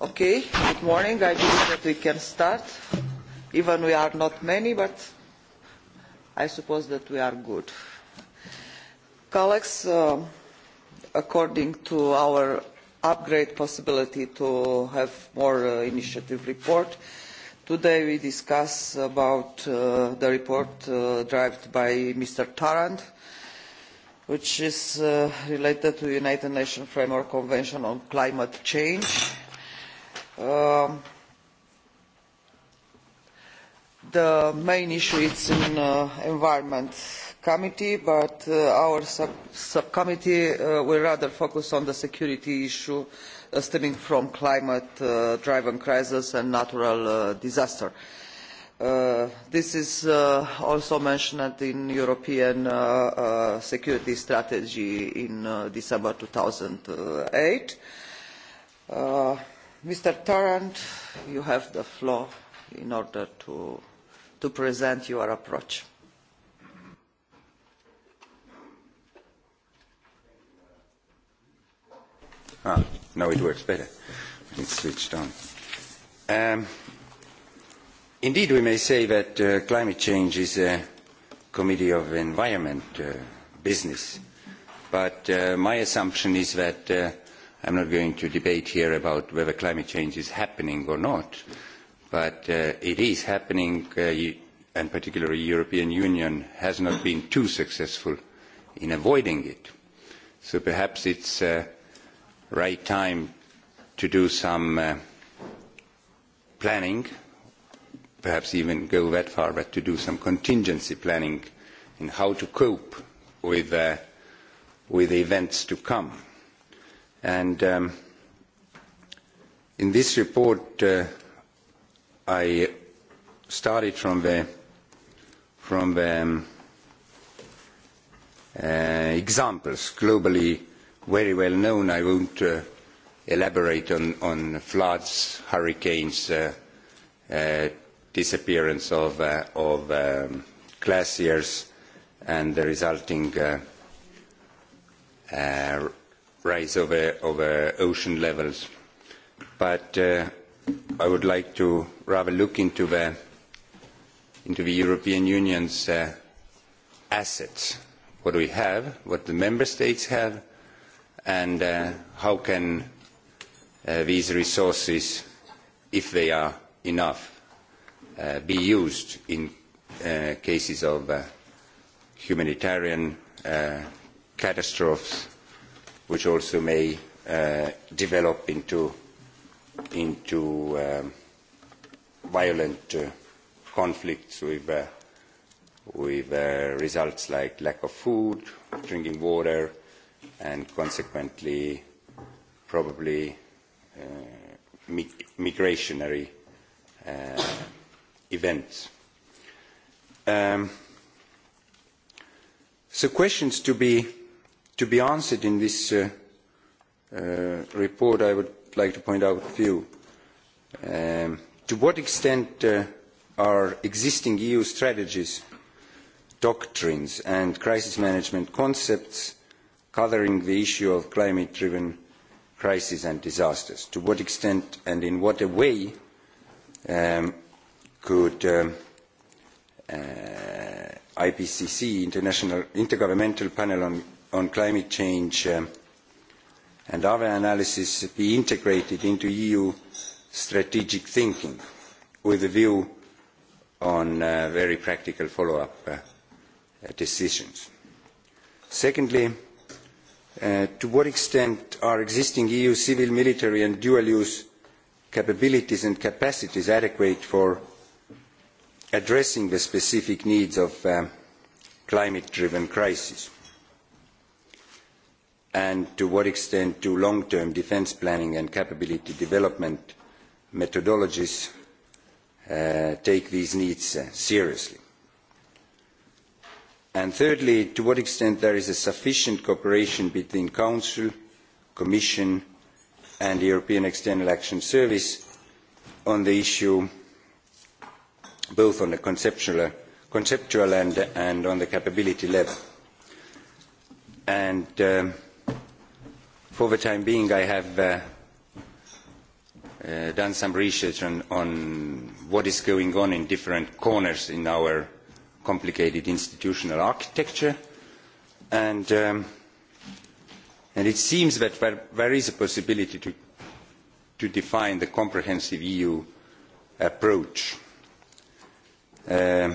Okay, good morning. I believe that we can start. Even we are not many, but I suppose that we are good. Colleagues, uh, according to our upgrade possibility to have more uh, initiative report, today we discuss about uh, the report uh, drafted by Mr. Tarrant, which is uh, related to the United Nations Framework Convention on Climate Change Uh, the main issue is in uh, environment committee, but uh, our sub subcommittee uh, will rather focus on the security issue uh, stemming from climate-driven uh, crisis and natural uh, disaster. Uh, this is uh, also mentioned in European uh, uh, security strategy in uh, December 2008. Uh, Mr. Tarrant, you have the floor in order to, to present your approach. Ah, now it works better. It's switched on. Um, indeed, we may say that uh, climate change is a committee of environment uh, business, but uh, my assumption is that uh, I'm not going to debate here about whether climate change is happening or not, but uh, it is happening, uh, and particularly European Union has not been too successful in avoiding it. So perhaps it's uh, right time to do some uh, planning, perhaps even go that far, but to do some contingency planning in how to cope with, uh, with events to come and um, in this report uh, I started from the from the um, uh, examples globally very well known. I won't uh, elaborate on, on floods, hurricanes, uh, uh, disappearance of, uh, of um, glaciers and the resulting uh, uh, rise of, uh, of uh, ocean levels. But uh, I would like to rather look into the, into the European Union's uh, assets, what we have, what the member states have, and uh, how can uh, these resources, if they are enough, uh, be used in uh, cases of uh, humanitarian uh, catastrophes which also may uh, develop into, into um, violent uh, conflicts with, uh, with uh, results like lack of food, drinking water, and consequently probably uh, mig- migrationary uh, events. Um, so questions to be to be answered in this uh, uh, report, I would like to point out a few. Um, to what extent uh, are existing EU strategies, doctrines and crisis management concepts covering the issue of climate-driven crises and disasters? To what extent and in what a way um, could um, uh, IPCC, International Intergovernmental Panel on on climate change um, and other analysis be integrated into EU strategic thinking with a view on uh, very practical follow-up uh, decisions. Secondly, uh, to what extent are existing EU civil, military and dual-use capabilities and capacities adequate for addressing the specific needs of um, climate-driven crises? and to what extent do long-term defense planning and capability development methodologies uh, take these needs uh, seriously? And thirdly, to what extent there is a sufficient cooperation between Council, Commission and the European External Action Service on the issue both on the conceptual, conceptual and, and on the capability level. And um, uh, for the time being, I have uh, uh, done some research on, on what is going on in different corners in our complicated institutional architecture, and, um, and it seems that there, there is a possibility to, to define the comprehensive EU approach, uh,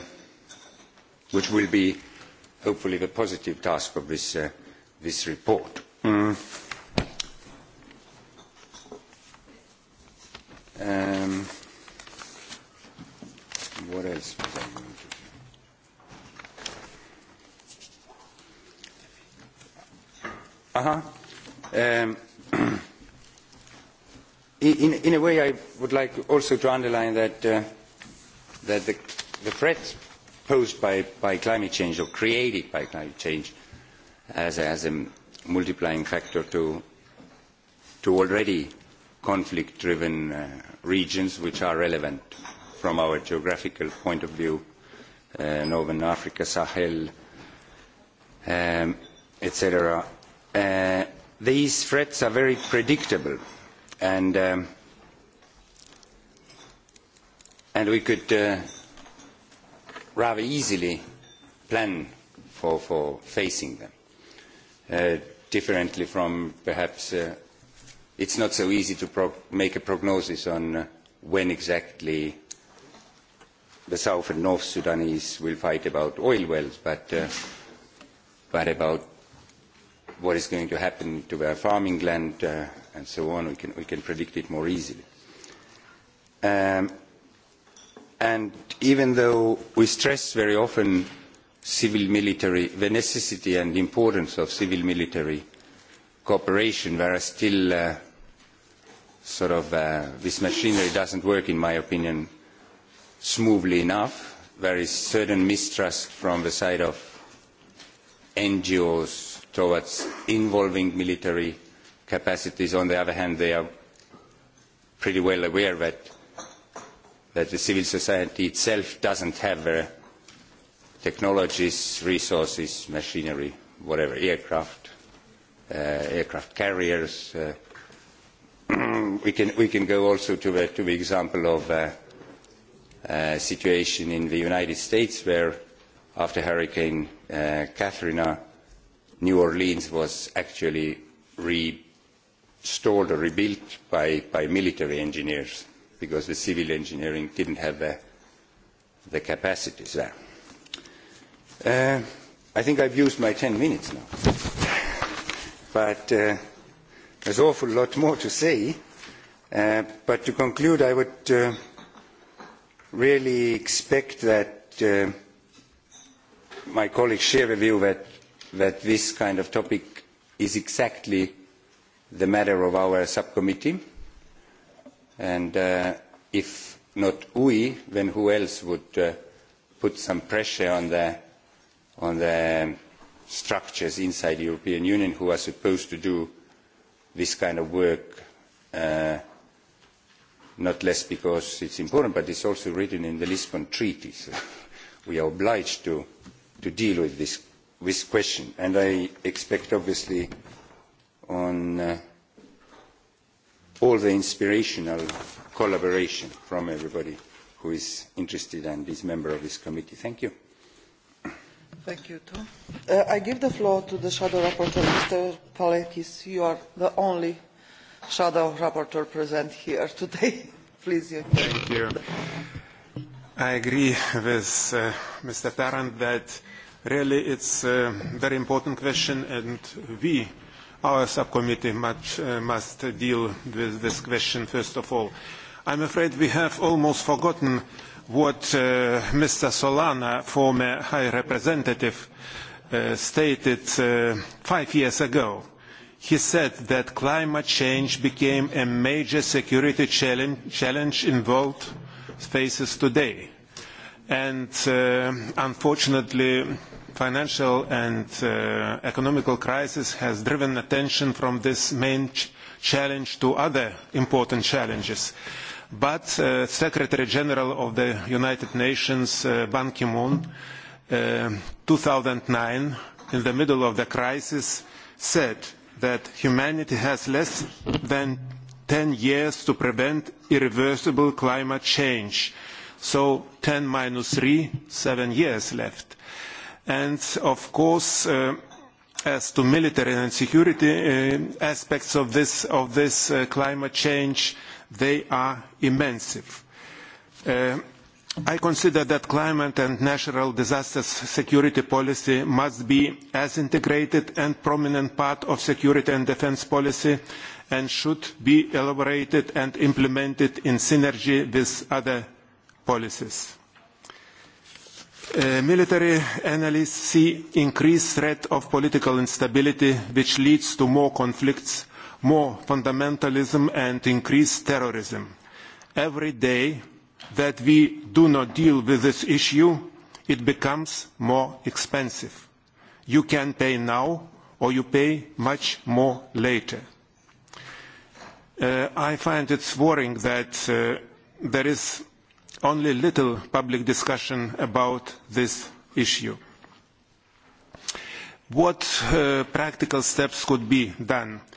which will be hopefully the positive task of this, uh, this report. Mm Um, what else was I going to do? Uh-huh. Um, in, in a way, I would like also to underline that, uh, that the, the threats posed by, by climate change or created by climate change as a, as a multiplying factor to, to already conflict-driven uh, regions which are relevant from our geographical point of view, uh, Northern Africa, Sahel, um, etc. Uh, these threats are very predictable and, um, and we could uh, rather easily plan for, for facing them, uh, differently from perhaps uh, it's not so easy to pro make a prognosis on uh, when exactly the South and North Sudanese will fight about oil wells, but, uh, but about what is going to happen to their farming land uh, and so on, we can, we can predict it more easily. Um, and even though we stress very often civil military, the necessity and importance of civil military cooperation where I still uh, sort of uh, this machinery doesn't work, in my opinion, smoothly enough. There is certain mistrust from the side of NGOs towards involving military capacities. On the other hand, they are pretty well aware that, that the civil society itself doesn't have the technologies, resources, machinery, whatever, aircraft, uh, aircraft carriers. Uh, we, can, we can go also to the, to the example of uh, uh, situation in the United States where after Hurricane uh, Katrina, New Orleans was actually restored or rebuilt by, by military engineers because the civil engineering didn't have the, the capacities there. Uh, I think I've used my 10 minutes now but uh, there's an awful lot more to say. Uh, but to conclude, I would uh, really expect that uh, my colleagues share the view that, that this kind of topic is exactly the matter of our subcommittee. And uh, if not we, then who else would uh, put some pressure on the, on the structures inside the European Union who are supposed to do this kind of work, uh, not less because it's important, but it's also written in the Lisbon Treaty. So we are obliged to, to deal with this, this question. And I expect, obviously, on uh, all the inspirational collaboration from everybody who is interested and is member of this committee. Thank you. Thank you, too. Uh, I give the floor to the shadow rapporteur, Mr. Palekis. You are the only shadow rapporteur present here today. Please, you. Thank you. I agree with uh, Mr. Tarrant that really it's a very important question, and we, our subcommittee, much, uh, must deal with this question first of all. I'm afraid we have almost forgotten uh, what uh, Mr. Solana, former High Representative, uh, stated uh, five years ago. He said that climate change became a major security challenge, challenge in world faces today. And uh, unfortunately, financial and uh, economical crisis has driven attention from this main ch challenge to other important challenges. Uh, But uh, Secretary General of the United Nations, uh, Ban Ki-moon, uh, 2009, in the middle of the crisis, said that humanity has less than 10 years to prevent irreversible climate change. So 10 minus 3, 7 years left. And of course, uh, as to military and security uh, aspects of this, of this uh, climate change, uh, they are immense. Uh, I consider that climate and natural disasters security policy must be as integrated and prominent part of security and defense policy and should be elaborated and implemented in synergy with other policies. Uh, military analysts see increased threat of political instability which leads to more conflicts more fundamentalism and increased terrorism. Every day that we do not deal with this issue, it becomes more expensive. You can pay now or you pay much more later. Uh, I find it worrying that uh, there is only little public discussion about this issue. What uh, practical steps could be done? Uh,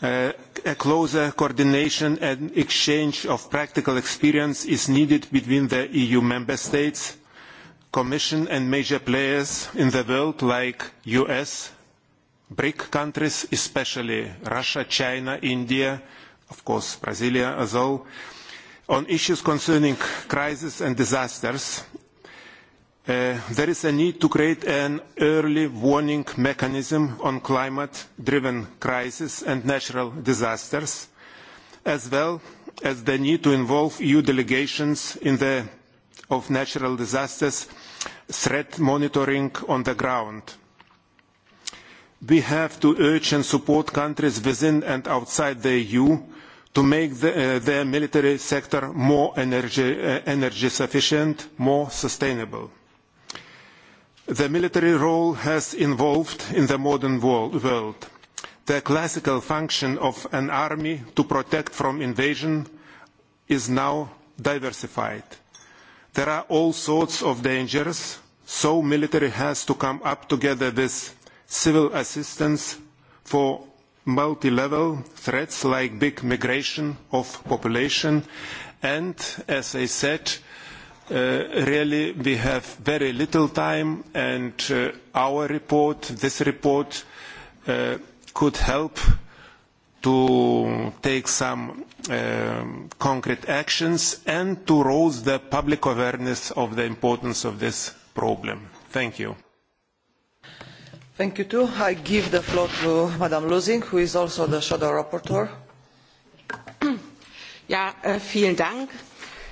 Uh, a closer coordination and exchange of practical experience is needed between the EU member states, Commission and major players in the world like US, BRIC countries, especially Russia, China, India, of course Brasilia as well, on issues concerning crisis and disasters Uh, there is a need to create an early warning mechanism on climate-driven crises and natural disasters, as well as the need to involve EU delegations in the of natural disasters threat monitoring on the ground. We have to urge and support countries within and outside the EU to make the, uh, their military sector more energy, uh, energy sufficient, more sustainable The military role has evolved in the modern world. The classical function of an army to protect from invasion is now diversified. There are all sorts of dangers, so military has to come up together with civil assistance for multi-level threats like big migration of population and, as I said, Uh, really we have very little time and uh, our report, this report, uh, could help to take some um, concrete actions and to raise the public awareness of the importance of this problem. Thank you. Thank you too. I give the floor to Madame Lusing, who is also the shadow rapporteur. Ja, äh, vielen Dank.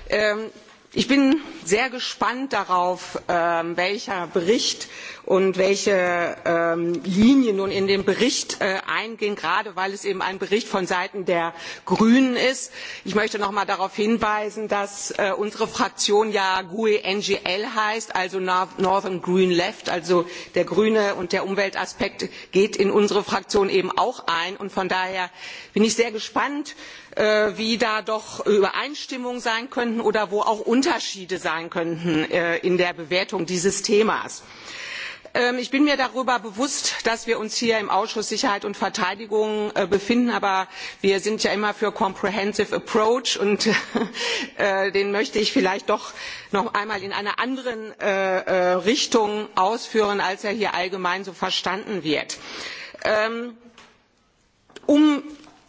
Ähm, ich bin sehr gespannt darauf ähm, welcher bericht und welche ähm, linie nun in den bericht äh, eingehen gerade weil es eben ein bericht von seiten der grünen ist. ich möchte noch einmal darauf hinweisen dass äh, unsere fraktion ja gue ngl heißt also northern green left also der grüne und der umweltaspekt geht in unsere fraktion eben auch ein und von daher bin ich sehr gespannt Äh, wie da doch übereinstimmungen sein könnten oder wo auch unterschiede sein könnten äh, in der bewertung dieses themas ähm, ich bin mir darüber bewusst dass wir uns hier im ausschuss sicherheit und verteidigung äh, befinden aber wir sind ja immer für comprehensive approach und den möchte ich vielleicht doch noch einmal in einer anderen richtung ausführen als er hier allgemein so verstanden wird. Ähm, um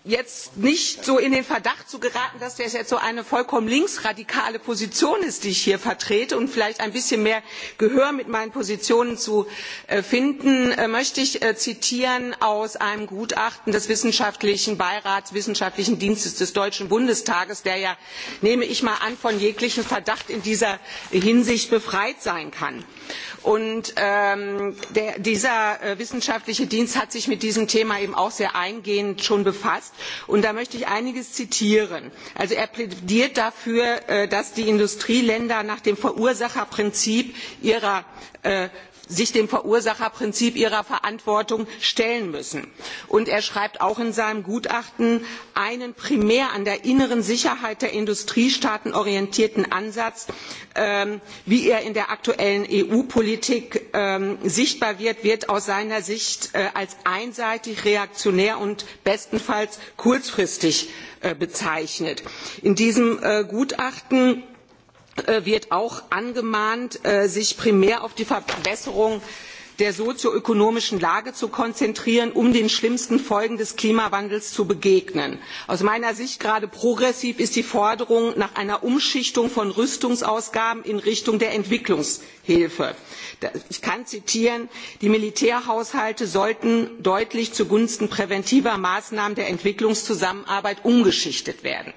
jetzt nicht so in den Verdacht zu geraten, dass das jetzt so eine vollkommen linksradikale Position ist, die ich hier vertrete und vielleicht ein bisschen mehr Gehör mit meinen Positionen zu äh, finden, äh, möchte ich äh, zitieren aus einem Gutachten des Wissenschaftlichen Beirats Wissenschaftlichen Dienstes des Deutschen Bundestages, der ja, nehme ich mal an, von jeglichem Verdacht in dieser Hinsicht befreit sein kann. Und ähm, der, dieser äh, wissenschaftliche Dienst hat sich mit diesem Thema eben auch sehr eingehend schon befasst. Und da möchte ich einiges zitieren. Also er plädiert dafür, äh, dass die Industrieländer nach dem Verursacherprinzip ihrer äh, sich dem verursacherprinzip ihrer verantwortung stellen müssen. und er schreibt auch in seinem gutachten einen primär an der inneren sicherheit der industriestaaten orientierten ansatz ähm, wie er in der aktuellen eu politik ähm, sichtbar wird wird aus seiner sicht äh, als einseitig reaktionär und bestenfalls kurzfristig äh, bezeichnet. in diesem äh, gutachten Äh, wird auch angemahnt, äh, sich primär auf die Verbesserung der sozioökonomischen Lage zu konzentrieren, um den schlimmsten Folgen des Klimawandels zu begegnen. Aus meiner Sicht gerade progressiv ist die Forderung nach einer Umschichtung von Rüstungsausgaben in Richtung der Entwicklungshilfe. Ich kann zitieren, die Militärhaushalte sollten deutlich zugunsten präventiver Maßnahmen der Entwicklungszusammenarbeit umgeschichtet werden.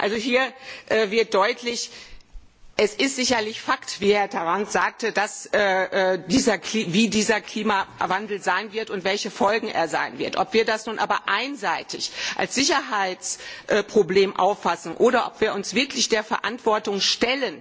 Also hier äh, wird deutlich, es ist sicherlich fakt wie herr tarand sagte dass, äh, äh dieser, wie dieser klimawandel sein wird und welche folgen er haben wird. ob wir das nun aber einseitig als sicherheitsproblem äh, auffassen oder ob wir uns wirklich der verantwortung stellen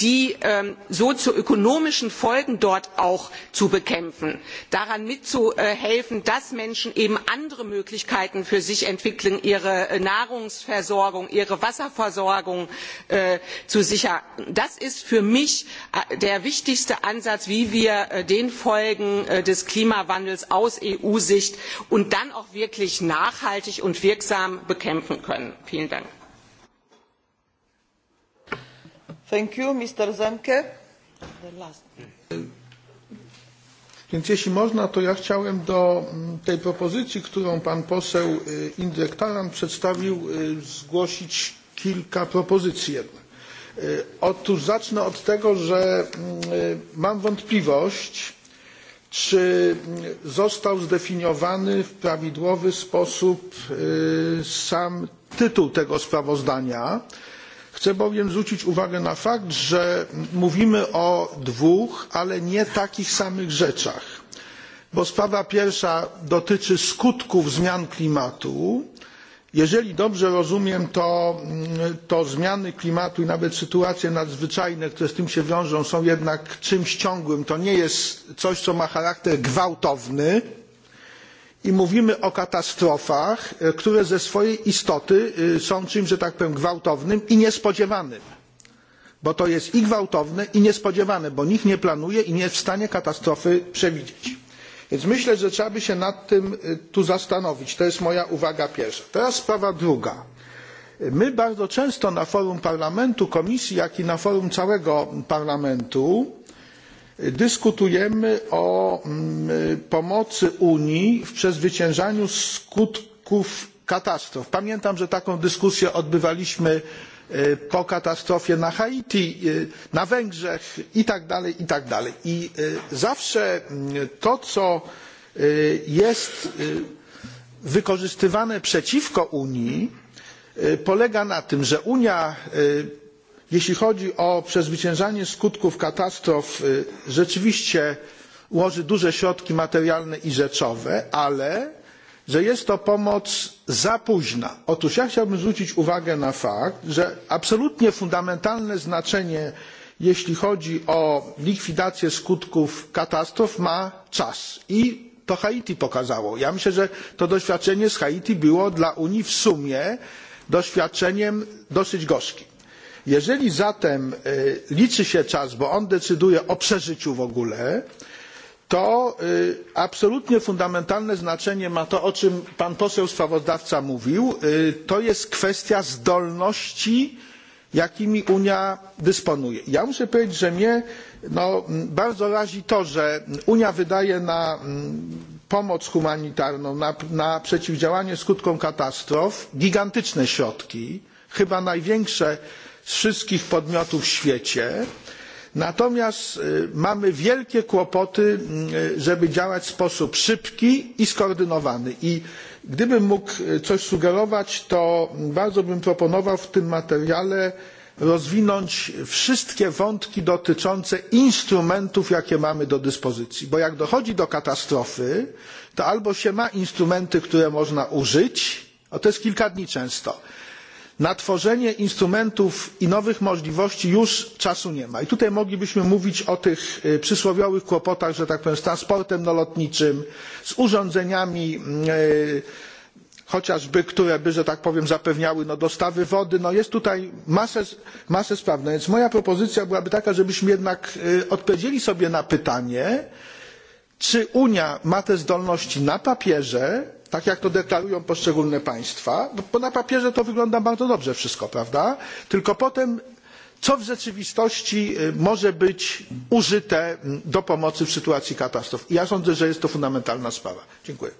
die ähm, sozioökonomischen folgen dort auch zu bekämpfen daran mitzuhelfen dass menschen eben andere möglichkeiten für sich entwickeln ihre äh, nahrungsversorgung ihre wasserversorgung äh, zu sichern und das ist für mich äh, der wichtigste ansatz wie wir äh, den folgen äh, des klimawandels aus eu sicht und dann auch wirklich nachhaltig und wirksam bekämpfen können. vielen dank. You, więc jeśli można to ja chciałem do mm, tej propozycji którą pan poseł indrek tarand przedstawił zgłosić kilka propozycji jednak. E, otóż zacznę od tego, że mm, e, mam wątpliwość, czy mm, został zdefiniowany w prawidłowy sposób e, sam tytuł tego sprawozdania. Chcę bowiem zwrócić uwagę na fakt, że mm, mówimy o dwóch, ale nie takich samych rzeczach, bo sprawa pierwsza dotyczy skutków zmian klimatu, jeżeli dobrze rozumiem to, mm, to zmiany klimatu i nawet sytuacje nadzwyczajne które z tym się wiążą są jednak czymś ciągłym to nie jest coś co ma charakter gwałtowny i mówimy o katastrofach e, które ze swojej istoty e, są czymś że tak powiem gwałtownym i niespodziewanym bo to jest i gwałtowne i niespodziewane bo nikt nie planuje i nie jest w stanie katastrofy przewidzieć. Więc myślę, że trzeba by się nad tym tu zastanowić. To jest moja uwaga pierwsza. Teraz sprawa druga. My bardzo często na forum parlamentu, komisji, jak i na forum całego parlamentu dyskutujemy o mm, pomocy Unii w przezwyciężaniu skutków katastrof. Pamiętam, że taką dyskusję odbywaliśmy E, po katastrofie na haiti e, na węgrzech itd. itd. i e, zawsze mm, to co jest wykorzystywane przeciwko unii polega na tym że unia jeśli chodzi o przezwyciężanie skutków katastrof rzeczywiście łoży duże środki materialne i rzeczowe ale że jest to pomoc za późna. otóż ja chciałbym zwrócić uwagę na fakt że absolutnie fundamentalne znaczenie jeśli chodzi o likwidację skutków katastrof ma czas i to haiti pokazało. ja myślę że to doświadczenie z haiti było dla unii w sumie doświadczeniem dosyć gorzkim. jeżeli zatem liczy się czas bo on decyduje o przeżyciu w ogóle to absolutnie fundamentalne znaczenie ma to o czym pan poseł sprawozdawca mówił to jest kwestia zdolności jakimi unia dysponuje. ja muszę powiedzieć że mnie bardzo razi to że unia wydaje na mm, pomoc humanitarną na, na przeciwdziałanie skutkom katastrof gigantyczne środki chyba największe z wszystkich podmiotów w świecie natomiast mamy wielkie kłopoty żeby działać w sposób szybki i skoordynowany i gdybym mógł coś sugerować to bardzo bym proponował w tym materiale rozwinąć wszystkie wątki dotyczące instrumentów jakie mamy do dyspozycji bo jak dochodzi do katastrofy to albo się ma instrumenty których można użyć a to jest kilka dni często na tworzenie instrumentów i nowych możliwości już czasu nie ma i tutaj moglibyśmy mówić o tych przysłowiowych kłopotach że tak powiem z transportem lotniczym z urządzeniami mm, chociażby które by że tak powiem zapewniały dostawy wody jest tutaj masę spraw. no więc moja propozycja byłaby taka żebyśmy jednak odpowiedzieli sobie na pytanie czy unia ma te zdolności na papierze tak jak to deklarują poszczególne państwa bo na papierze to wygląda bardzo dobrze wszystko prawda tylko potem co w rzeczywistości może być użyte do pomocy w sytuacji katastrof. ja sądzę że jest to fundamentalna sprawa. dziękuję.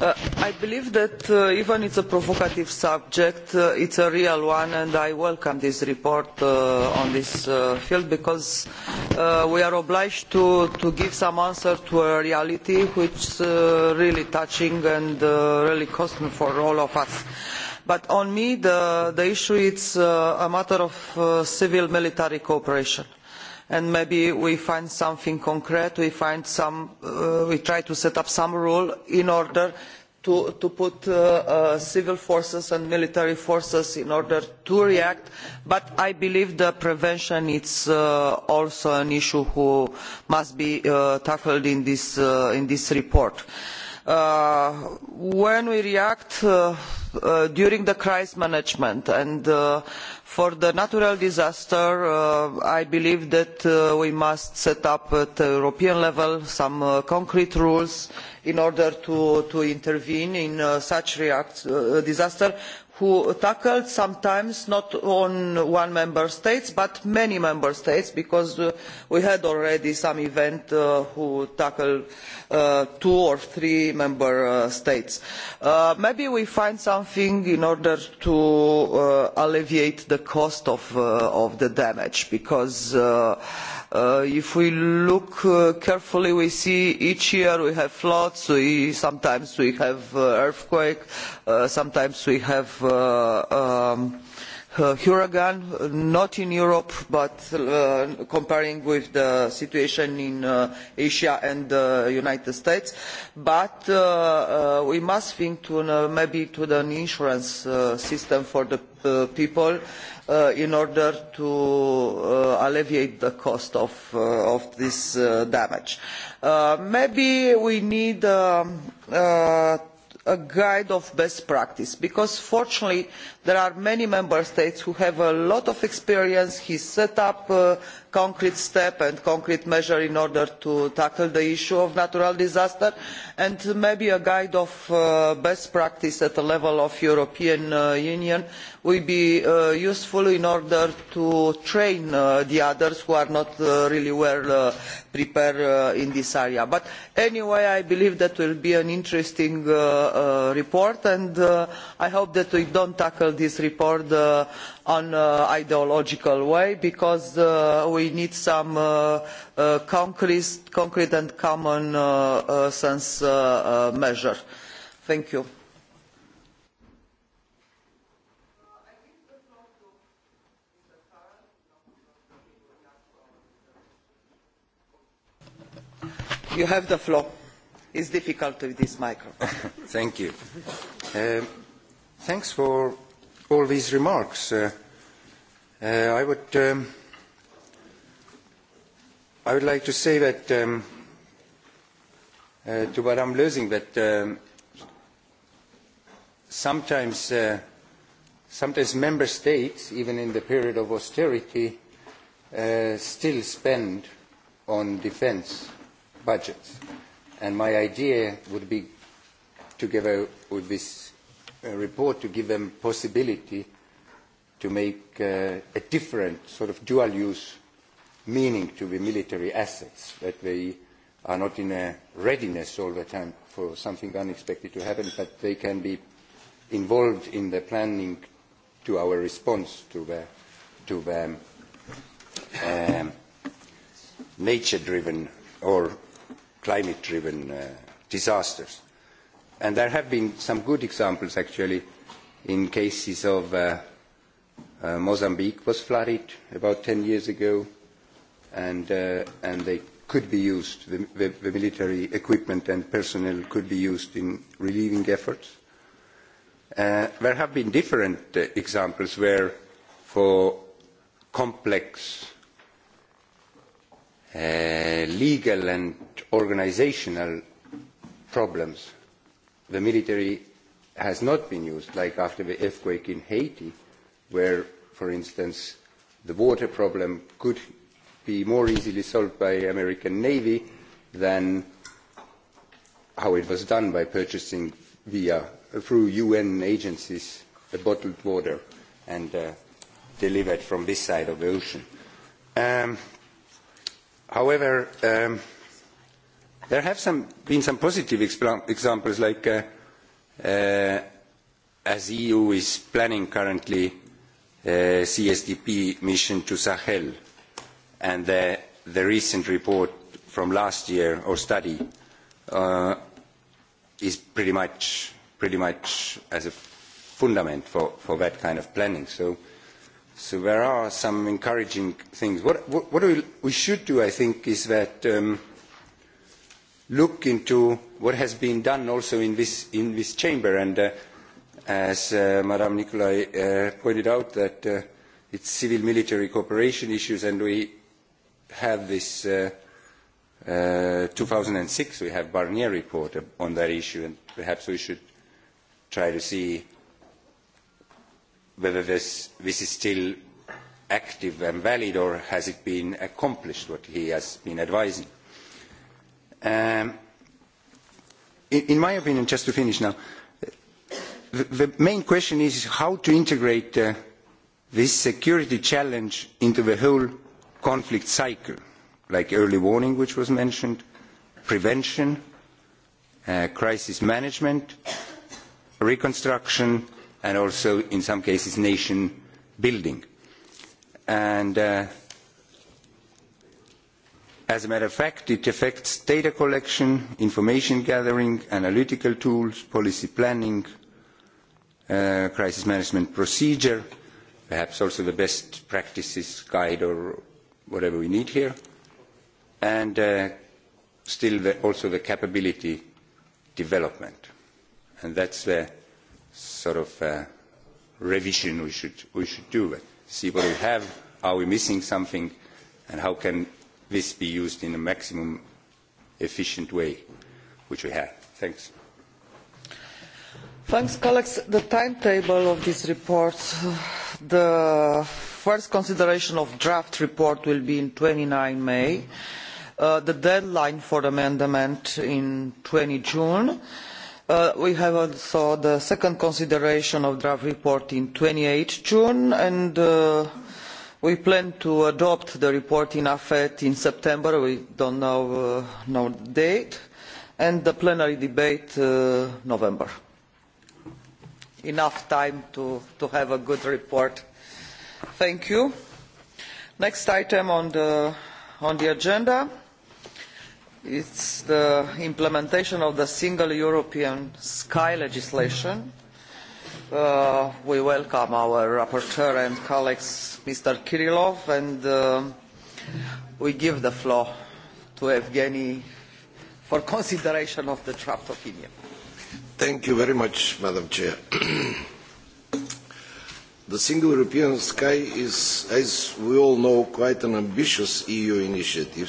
Uh, i believe that uh, even though it is a provocative subject uh, it is a real one and i welcome this report uh, on this uh, field because uh, we are obliged to, to give some answer to a reality which is really touching and really costly for all of us. but for me the, the issue is a matter of civil military cooperation and maybe we find something concrete we find some uh, we try to set up some rule in order to, to put uh, uh, civil forces and military forces in order to react but i believe that prevention is uh, also an issue that must be uh, tackled in this, uh, in this report. Uh, when we react during the crisis management and for the natural disaster uh, i believe that uh, we must set up at european level some uh, concrete rules in order to, to intervene in uh, such a uh, disaster which is tackled sometimes not only by one member state but many member states because uh, we had already some events which tackled uh, two or three member uh, states. Uh, maybe we find something in order to uh, alleviate the cost of, uh, of the damage because uh, uh, if we look uh, carefully we see each year we have floods, we, sometimes we have uh, earthquake, uh, sometimes we have uh, um, Uh, huracan not in europe but uh, comparing with the situation in uh, asia and the uh, united states but uh, uh, we must think to, maybe to an insurance system for the people in order to alleviate the cost of, of this damage. maybe we need um, a guide of best practice because fortunately there are many member states who have a lot of experience he set up uh, concrete steps and concrete measures in order to tackle the issue of natural disasters and maybe a guide of uh, best practice at the level of the european uh, union would be uh, useful in order to train uh, the others who are not uh, really well prepared in this area. but anyway i believe that will be an interesting report and i hope that we do not tackle this report uh, on an uh, ideological way because uh, we need some uh, uh, concrete, concrete and common uh, sense measure. thank you. you have the floor. it's difficult with this microphone. thank you. Um, thanks for all these remarks. Uh, uh, I would um, I would like to say that um, uh, to Madame Lösing that um, sometimes uh, sometimes member states, even in the period of austerity, uh, still spend on defence budgets. And my idea would be, together with this report to give them possibility to make uh, a different sort of dual use meaning to the military assets, that they are not in a readiness all the time for something unexpected to happen, but they can be involved in the planning to our response to the, to the um, um nature-driven or climate-driven uh, disasters and there have been some good examples actually in cases of uh, uh, Mozambique was flooded about 10 years ago and, uh, and they could be used, the, the, the military equipment and personnel could be used in relieving efforts. Uh, there have been different uh, examples where for complex uh, legal and organizational problems the military has not been used, like after the earthquake in Haiti, where, for instance, the water problem could be more easily solved by American Navy than how it was done by purchasing via through UN agencies the bottled water and uh, delivered from this side of the ocean. Um, however, um, There have some, been some positive examples, like uh, uh, as EU is planning currently uh, CSDP mission to Sahel, and the, uh, the recent report from last year or study uh, is pretty much pretty much as a fundament for, for that kind of planning. So, so there are some encouraging things. What, what, what we, we should do, I think, is that. Um, look into what has been done also in this, in this chamber and uh, as uh, Madame Nicolai uh, pointed out that uh, it's civil-military cooperation issues and we have this uh, uh, 2006 we have Barnier report on that issue and perhaps we should try to see whether this, this is still active and valid or has it been accomplished what he has been advising. Um, in, in my opinion, just to finish now, the, the main question is how to integrate uh, this security challenge into the whole conflict cycle, like early warning, which was mentioned, prevention, uh, crisis management, reconstruction, and also, in some cases, nation building. And uh, As a matter of fact, it affects data collection, information gathering, analytical tools, policy planning, uh, crisis management procedure, perhaps also the best practices guide or whatever we need here, and uh, still the, also the capability development. And that's the sort of uh, revision we should, we should do, see what we have, are we missing something, and how can this be used in a maximum efficient way, which we have. Thanks. Thanks, colleagues. The timetable of this report, the first consideration of draft report will be in 29 May. Uh, the deadline for the amendment in 20 June. Uh, we have also the second consideration of draft report in 28 June and uh, we plan to adopt the report in afet in september we do not know uh, no the date and the plenary debate in uh, november. enough time to, to have a good report. thank you. next item on the, on the agenda is the implementation of the single european sky legislation. Mm -hmm Uh, we welcome our rapporteur and colleagues, Mr. Kirillov, and uh, we give the floor to Evgeny for consideration of the draft opinion. Thank you very much, Madam Chair. the Single European Sky is, as we all know, quite an ambitious EU initiative,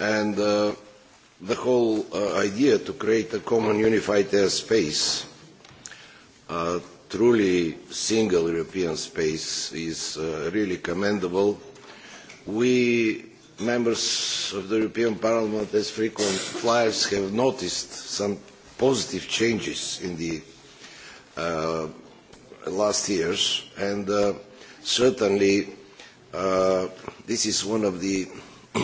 and uh, the whole uh, idea to create a common unified airspace uh, truly single European space is uh, really commendable. We members of the European Parliament as frequent flyers have noticed some positive changes in the uh, last years and uh, certainly uh, this is one of the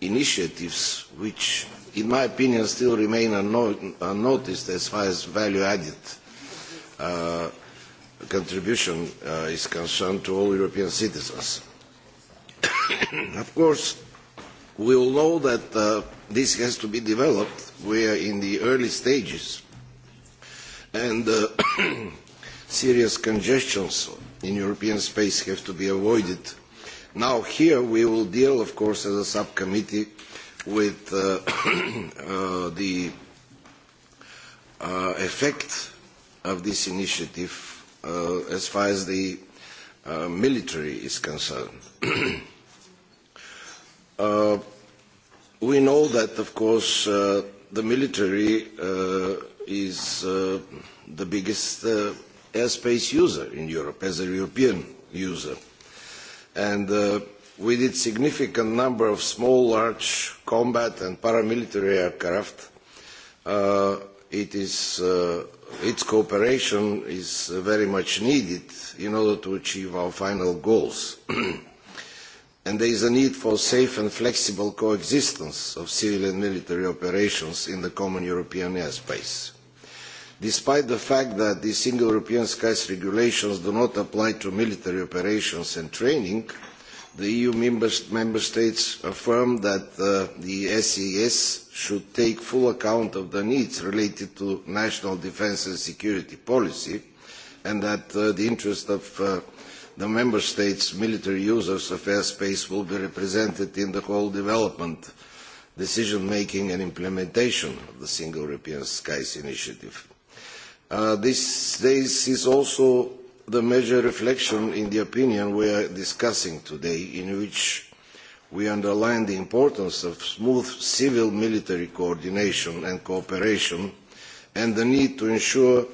initiatives which in my opinion still remain unno unnoticed as far as value added uh, uh, contribution uh, is concerned to all European citizens. of course, we all know that uh, this has to be developed. We are in the early stages, and uh, serious congestions in European space have to be avoided. Now, here we will deal, of course, as a subcommittee with uh, uh, the uh, effect of this initiative uh, as far as the uh, military is concerned. uh, we know that, of course, uh, the military uh, is uh, the biggest uh, airspace user in Europe as a European user. And uh, with its significant number of small, large combat and paramilitary aircraft, uh, it is uh, its cooperation is very much needed in order to achieve our final goals. and there is a need for safe and flexible coexistence of civil and military operations in the common European airspace. Despite the fact that the Single European Skies regulations do not apply to military operations and training, uh, the EU member, member states affirm that uh, the SES e should take full account of the needs related to national defence and security policy and that uh, the interest of uh, the member states' military users of airspace will be represented in the whole development, decision-making and implementation of the Single European Skies Initiative. Uh, this, this is also the major reflection in the opinion we are discussing today, in which we underline the importance of smooth civil-military coordination and cooperation and the need to ensure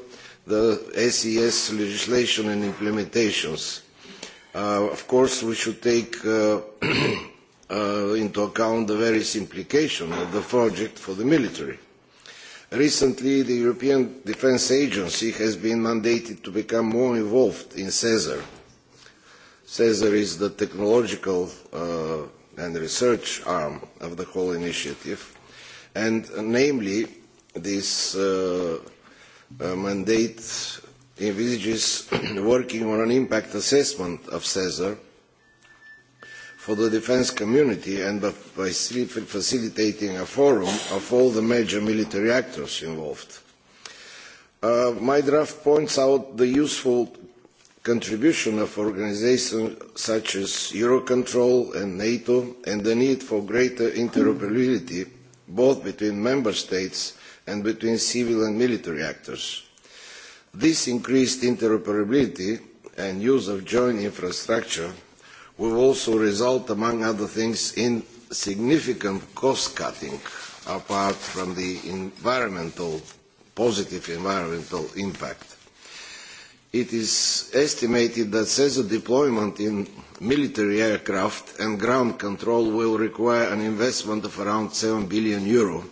the SES legislation and implementations. Uh, of course, we should take uh, uh, into account the various implications of the project for the military. Uh, Recently, the European Defence Agency has been mandated to become more involved in CESAR. CESAR is the technological uh, and research arm of the whole initiative, and uh, namely, this uh, uh, mandate envisages working on an impact assessment of CESAR for the defense community and by facilitating a forum of all the major military actors involved. Uh, my draft points out the useful contribution of organisations such as Eurocontrol and NATO and the need for greater interoperability both between member states and between civil and military actors. This increased interoperability and use of joint infrastructure will also result, among other things, in significant cost cutting apart from the environmental, positive environmental impact. It is estimated that CESA deployment in military aircraft and ground control will require an investment of around 7 billion euro,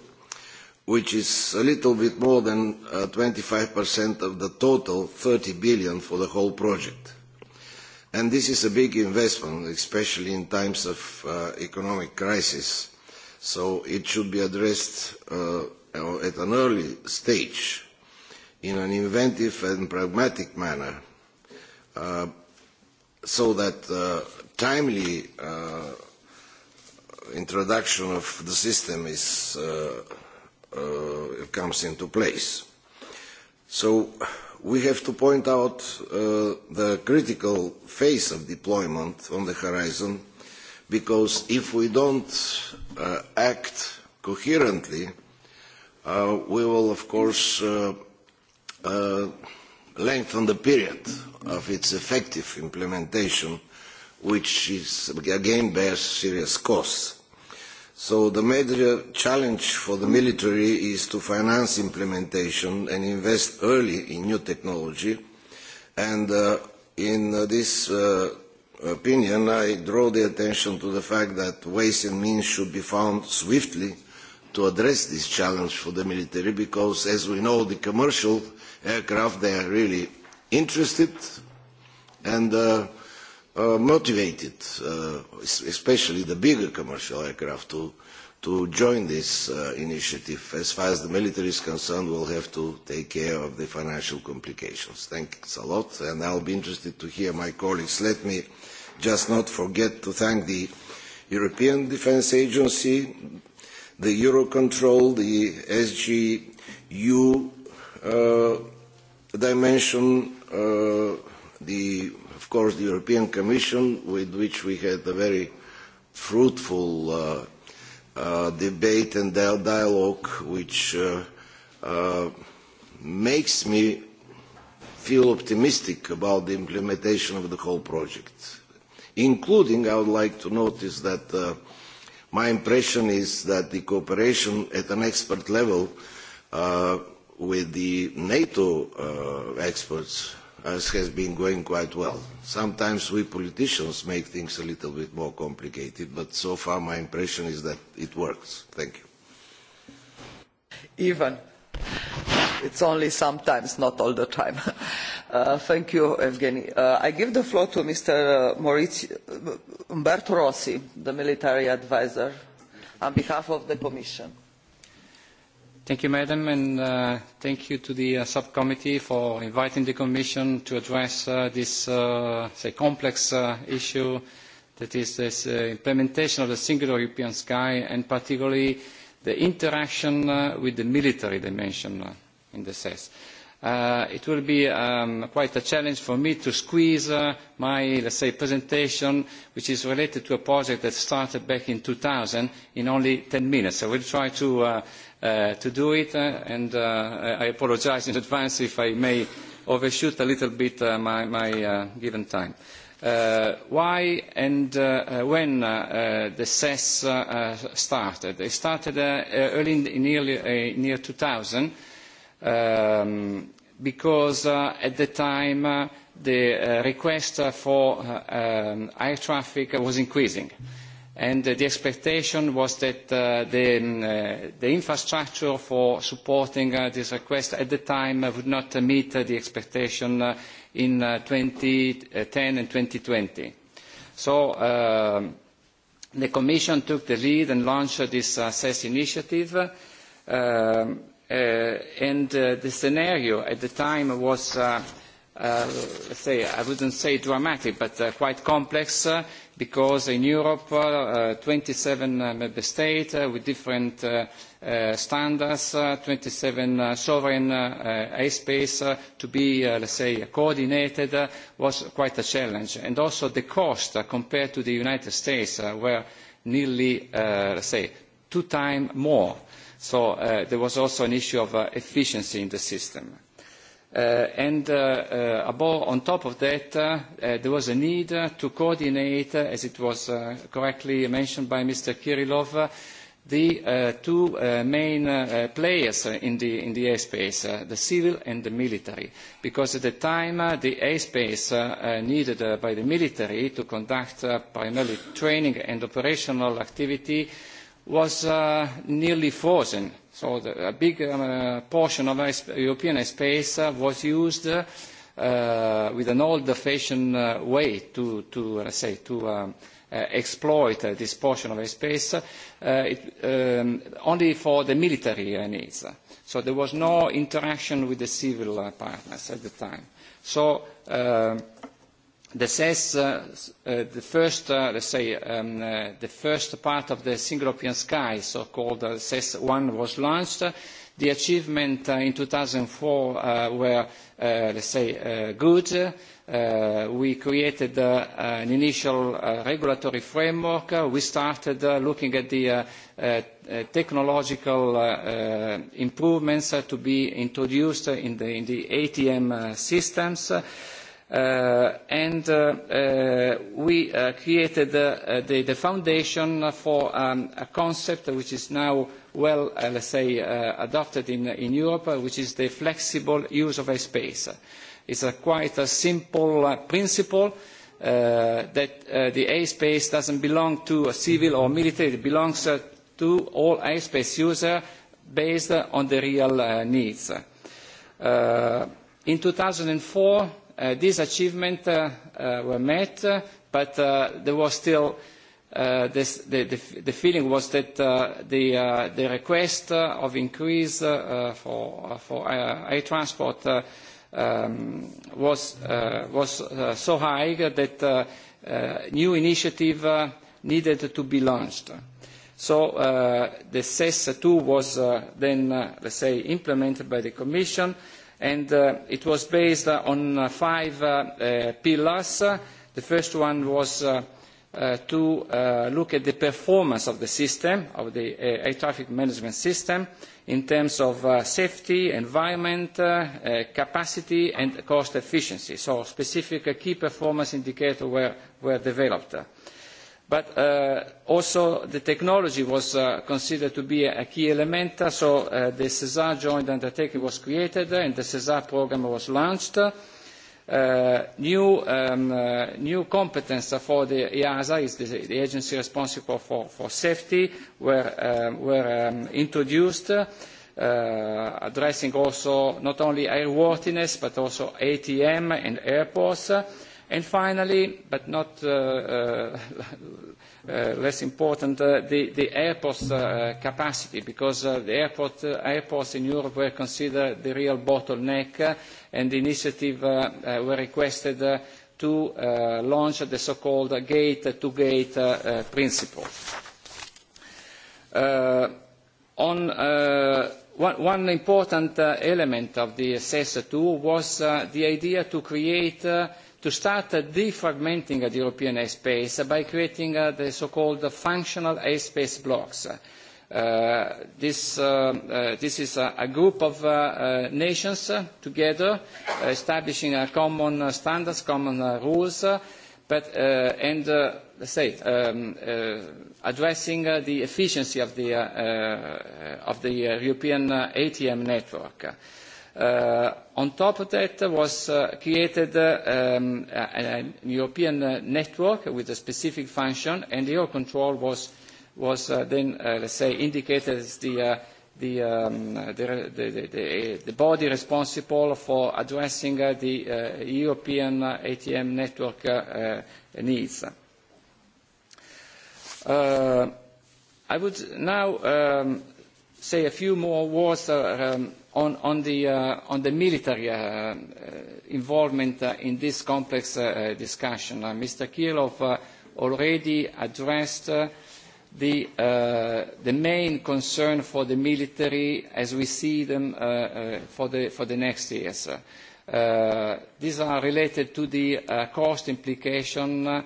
which is a little bit more than uh, 25% of the total 30 billion for the whole project. And this is a big investment, especially in times of uh, economic crisis. So it should be addressed uh, at an early stage in an inventive and pragmatic manner uh, so that uh, timely uh, introduction of the system is, uh, uh, comes into place. So we have to point out uh, the critical phase of deployment on the horizon because if we don't uh, act coherently, uh, we will, of course, uh, uh, lengthen the period of its effective implementation, which is, again bears serious costs. So the major challenge for the military is to finance implementation and invest early in new technology. And uh, in uh, this uh, opinion, I draw the attention to the fact that ways and means should be found swiftly to address this challenge for the military because, as we know, the commercial aircraft, they are really interested and uh, uh, motivated, uh, especially the bigger commercial aircraft, to, to join this uh, initiative. As far as the military is concerned, we'll have to take care of the financial complications. Thanks a lot, and I'll be interested to hear my colleagues. Let me just not forget to thank the European Defence Agency, the Eurocontrol, the SGU uh, dimension, uh, the of course, the European Commission, with which we had a very fruitful uh, uh, debate and dialogue, which uh, uh, makes me feel optimistic about the implementation of the whole project. Including, I would like to notice that uh, my impression is that the cooperation at an expert level uh, with the NATO uh, experts as has been going quite well. Sometimes we politicians make things a little bit more complicated, but so far my impression is that it works. Thank you. Ivan, it's only sometimes, not all the time. Uh, thank you, Evgeny. Uh, I give the floor to Mr. Uh, Maurizio, uh, Umberto Rossi, the military advisor, on behalf of the Commission. Thank you, Madam, and uh, thank you to the uh, subcommittee for inviting the Commission to address uh, this uh, say complex uh, issue that is this uh, implementation of the single European sky and particularly the interaction uh, with the military dimension uh, in the CES. Uh, it will be um, quite a challenge for me to squeeze uh, my, let's say, presentation, which is related to a project that started back in 2000, in only 10 minutes. I will try to uh, uh, to do it. Uh, and uh, I apologize in advance if I may overshoot a little bit uh, my, my uh, given time. Uh, why and uh, uh when uh, uh, the CES uh, uh, started? It started uh, uh early in, in early, uh, near 2000 um, because uh, at the time uh, the uh, request for uh, um, air traffic was increasing. Mm-hmm and uh, the expectation was that uh, the, um, uh, the infrastructure for supporting uh, this request at the time uh, would not uh, meet uh, the expectation uh, in uh, 2010 uh, and 2020. So uh, the Commission took the lead and launched uh, this uh, CES initiative. Uh, uh, and uh, the scenario at the time was, uh, uh, let's say, I wouldn't say dramatic, but uh, quite complex. Uh, because in Europe, uh, 27 uh, uh, member states uh, with different uh, uh, standards, uh, 27 uh, sovereign uh, uh, airspace uh, to be, uh, let's say, coordinated uh, was quite a challenge. And also the cost uh, compared to the United States uh, were nearly, uh, let's say, two times more. So uh, there was also an issue of uh, efficiency in the system. Uh, and uh, uh, above, on top of that, uh, uh, there was a need uh, to coordinate, uh, as it was uh, correctly mentioned by Mr. Kirillov, uh, the uh, two uh, main uh, uh, players in the, in the airspace, uh, the civil and the military, because at the time uh, the airspace uh, uh, needed uh, by the military to conduct uh, primarily training and operational activity uh, was uh, nearly frozen. So the, a big um, uh, portion of European space uh, was used uh, with an old-fashioned uh, way to, to uh, say, to um, uh, exploit uh, this portion of space, uh, it, um, only for the military uh, needs. So there was no interaction with the civil uh, partners at the time. So. Uh, the CES, uh, uh, the first, uh, let's say, um, uh, the first part of the Single European Sky, so-called uh, CES 1, was launched. The achievement uh, in 2004 uh, were, uh, let's say, uh, good. Uh, we created uh, an initial uh, regulatory framework. Uh, we started uh, looking at the uh, uh, uh technological uh, uh, improvements uh, to be introduced in the, in the ATM uh, systems. Uh, Uh, and uh, uh, we uh, created uh, the, the foundation for um, a concept which is now well, uh, let's say, uh, adopted in, in Europe, uh, which is the flexible use of space. It's a quite a simple uh, principle uh, that uh, the airspace doesn't belong to a civil or military, it belongs uh, to all airspace users based on the real uh, needs. Uh, in 2004, Uh, these achievements uh, uh, were met, uh, but uh, there was still uh, this, the, the, the feeling was that uh, the, uh, the request uh, of increase uh, uh for, uh, for uh, air transport uh, um, was, uh, was uh, so high that uh, uh, new initiative uh, needed to be launched. So uh, the CES2 was uh, then, uh, let's say, implemented by the Commission uh, and uh, it was based uh, on uh, five uh, uh, pillars. The first one was uh, uh, to uh, look at the performance of the system, of the uh, air traffic management system, in terms of uh, safety, environment, uh, uh, capacity and cost efficiency. So specific uh, key performance indicators were, were developed. Uh, but uh, also the technology was uh, considered to be a key element, so uh, the CESAR joint undertaking was created and the CESAR program was launched. Uh, new, um, uh, new competence for the EASA is the, the agency responsible for, for safety were, um, were um, introduced, uh, addressing also not only airworthiness but also ATM and airports. Uh, And finally, but not uh, uh, uh less important, uh, the, the airport's uh, capacity, because uh, the airport, airports in Europe were considered the real bottleneck, and the initiative were requested to launch the so-called gate-to-gate -gate, principle. On One, one important uh, element of the SS2 was uh, the idea to create uh, to start defragmenting the European airspace by creating uh, the so-called functional airspace blocks. Uh, this, uh, uh, this is a, a group of uh, uh, nations uh, together uh, establishing uh, common uh, standards, common uh, rules, uh, but, uh, and uh, let's say um, uh, addressing uh, the efficiency of the, uh, uh, of the uh, European uh, ATM network. Uh, Uh, on top of that was uh, created uh, um, a, a European uh, network with a specific function, and the Eurocontrol was, was uh, then, uh, let's say, indicated as the, uh, the, um, the, the, the, the body responsible for addressing uh, the uh, European uh, ATM network uh, uh, needs. Uh, I would now um, say a few more words uh, um, on, on, the, uh, on the military uh, uh involvement uh, in this complex uh, uh discussion. Uh, Mr. Kirov uh, already addressed uh, the, uh, the main concern for the military as we see them uh, uh, for, the, for the next years. Uh, these are related to the uh, cost implication uh,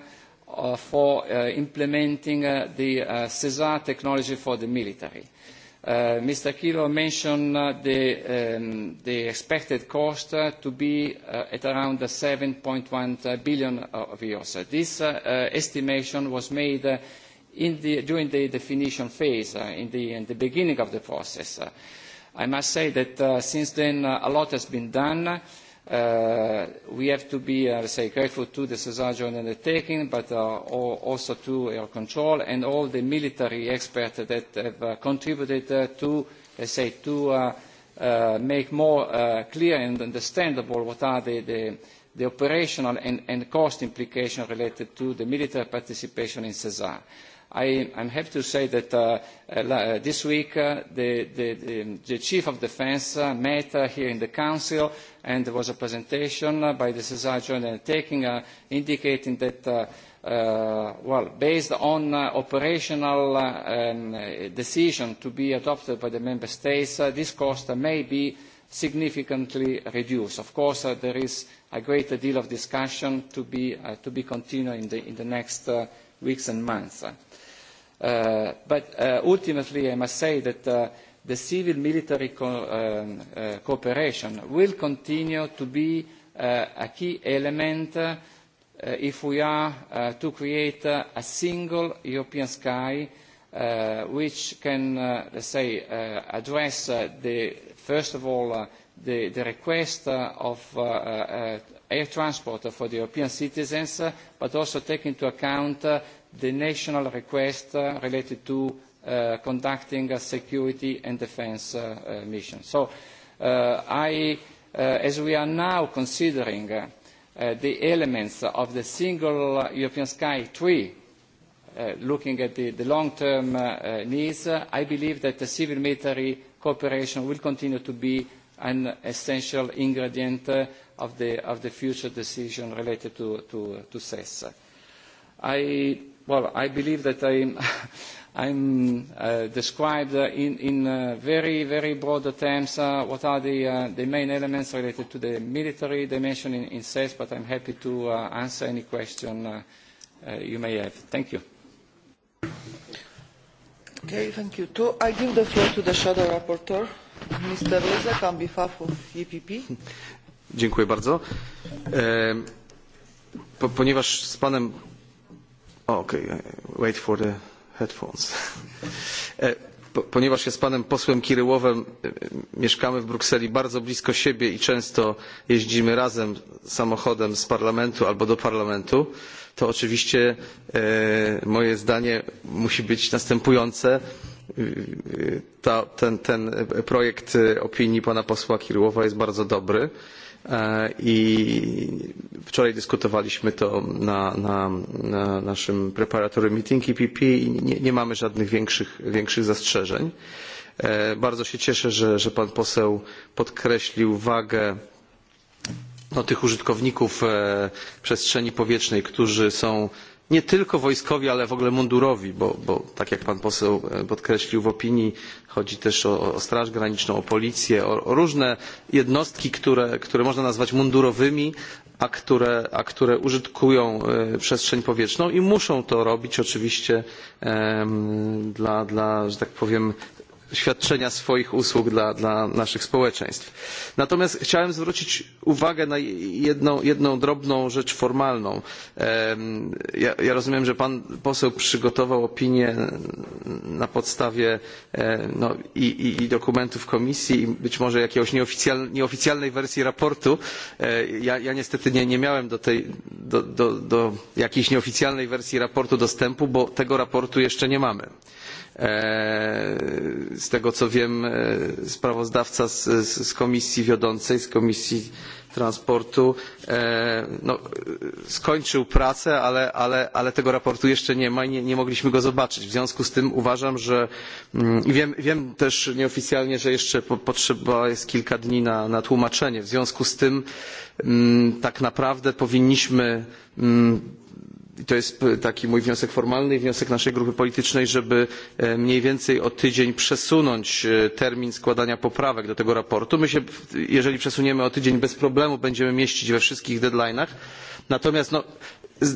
uh, for uh, implementing uh, the uh, CESAR technology for the military. Uh, Uh, Mr. Kilo mentioned uh, the, um, the expected cost uh, to be uh, at around 7.1 uh, billion uh, euros. This estimation was made the, during the definition phase, in the, in the beginning of the process. I must say that since then, a lot has been done. Uh, we have to be, uh, say, grateful to the Sazajon undertaking, but uh, also to air control and all the military experts that have uh, contributed uh, to, let's say, to uh, uh, make more uh, clear and understandable what are the, the, the operational and, and cost implications related to the military participation in Cesar. I, I'm happy to say that uh, uh, uh, this week uh, the, the, the, the Chief of Defense uh, met uh, here in the Council and there was a presentation uh, by the Cesar Joint Undertaking uh, indicating that uh, uh, well, based on uh, operational uh, um, decision to be adopted by the member states, uh, this cost uh, may be significantly reduced. Of course, uh, there is a great deal of discussion to be, uh, to be continued in the, in the next uh, weeks and months. Uh, but uh, ultimately, I must say that uh, the civil-military co um, uh, uh, cooperation will continue to be uh, a key element uh, if we are uh, to create uh, a single European sky uh, which can, uh, let's say, uh, address uh, the, first of all, uh, the, the request uh, of uh, uh, air transport for the European citizens, uh, but also take into account uh, the national request uh, related to uh, conducting uh, security and defense uh, uh, missions. So uh, I, uh, as we are now considering uh, uh, the elements of the single European Sky 3, uh, looking at the, the long-term uh, uh, needs, uh, I believe that the civil military cooperation will continue to be an essential ingredient uh, of, the, of the future decision related to, to, to CES. I, well, I believe that I'm, I'm uh, described in, in uh, very, very broad terms uh, what are the, uh, the main elements related to the military dimension in, in CES, but I'm happy to uh, answer any question uh, uh, you may have. Thank you. Okay, thank you. To, I give the floor to the shadow rapporteur. Mr. Lezak, on behalf of EPP. Dziękuję bardzo. E, po, ponieważ z panem... Okej, okay, wait for the headphones. E, po, ponieważ się z panem posłem Kiryłowem e, mieszkamy w Brukseli bardzo blisko siebie i często jeździmy razem samochodem z parlamentu albo do parlamentu, to oczywiście e, moje zdanie musi być następujące. E, ta, ten, ten projekt opinii pana posła Kirłowa jest bardzo dobry e, i wczoraj dyskutowaliśmy to na, na, na naszym preparatory meeting IPP e i nie, nie mamy żadnych większych, większych zastrzeżeń. E, bardzo się cieszę, że, że pan poseł podkreślił wagę no, tych użytkowników przestrzeni powietrznej, którzy są nie tylko wojskowi, ale w ogóle mundurowi, bo, bo tak jak pan poseł e, podkreślił w opinii, chodzi też o, o Straż Graniczną, o policję, o, o różne jednostki, które, które można nazwać mundurowymi, a które, a które użytkują e, przestrzeń powietrzną i muszą to robić oczywiście dla, dla że tak powiem, świadczenia swoich usług dla, dla naszych społeczeństw. Natomiast chciałem zwrócić uwagę na jedną, jedną drobną rzecz formalną. Ja, ja rozumiem, że pan poseł przygotował opinię na podstawie e, no, i, i, i dokumentów komisji i być może jakiegoś nieoficjal, nieoficjalnej wersji raportu. E, ja, ja niestety nie, nie miałem do, tej, do, do, do jakiejś nieoficjalnej wersji raportu dostępu, bo tego raportu jeszcze nie mamy. E, z tego co wiem e, sprawozdawca z, z, z komisji wiodącej z komisji transportu e, no, skończył pracę ale, ale, ale tego raportu jeszcze nie ma i nie, nie mogliśmy go zobaczyć w związku z tym uważam że mm, wiem, wiem też nieoficjalnie że jeszcze po, potrzeba jest kilka dni na, na tłumaczenie w związku z tym mm, tak naprawdę powinniśmy mm, to jest taki mój wniosek formalny i wniosek naszej grupy politycznej żeby e, mniej więcej o tydzień przesunąć e, termin składania poprawek do tego sprawozdania. my się jeżeli przesuniemy o tydzień bez problemu będziemy mieścić we wszystkich deadline'ach natomiast no,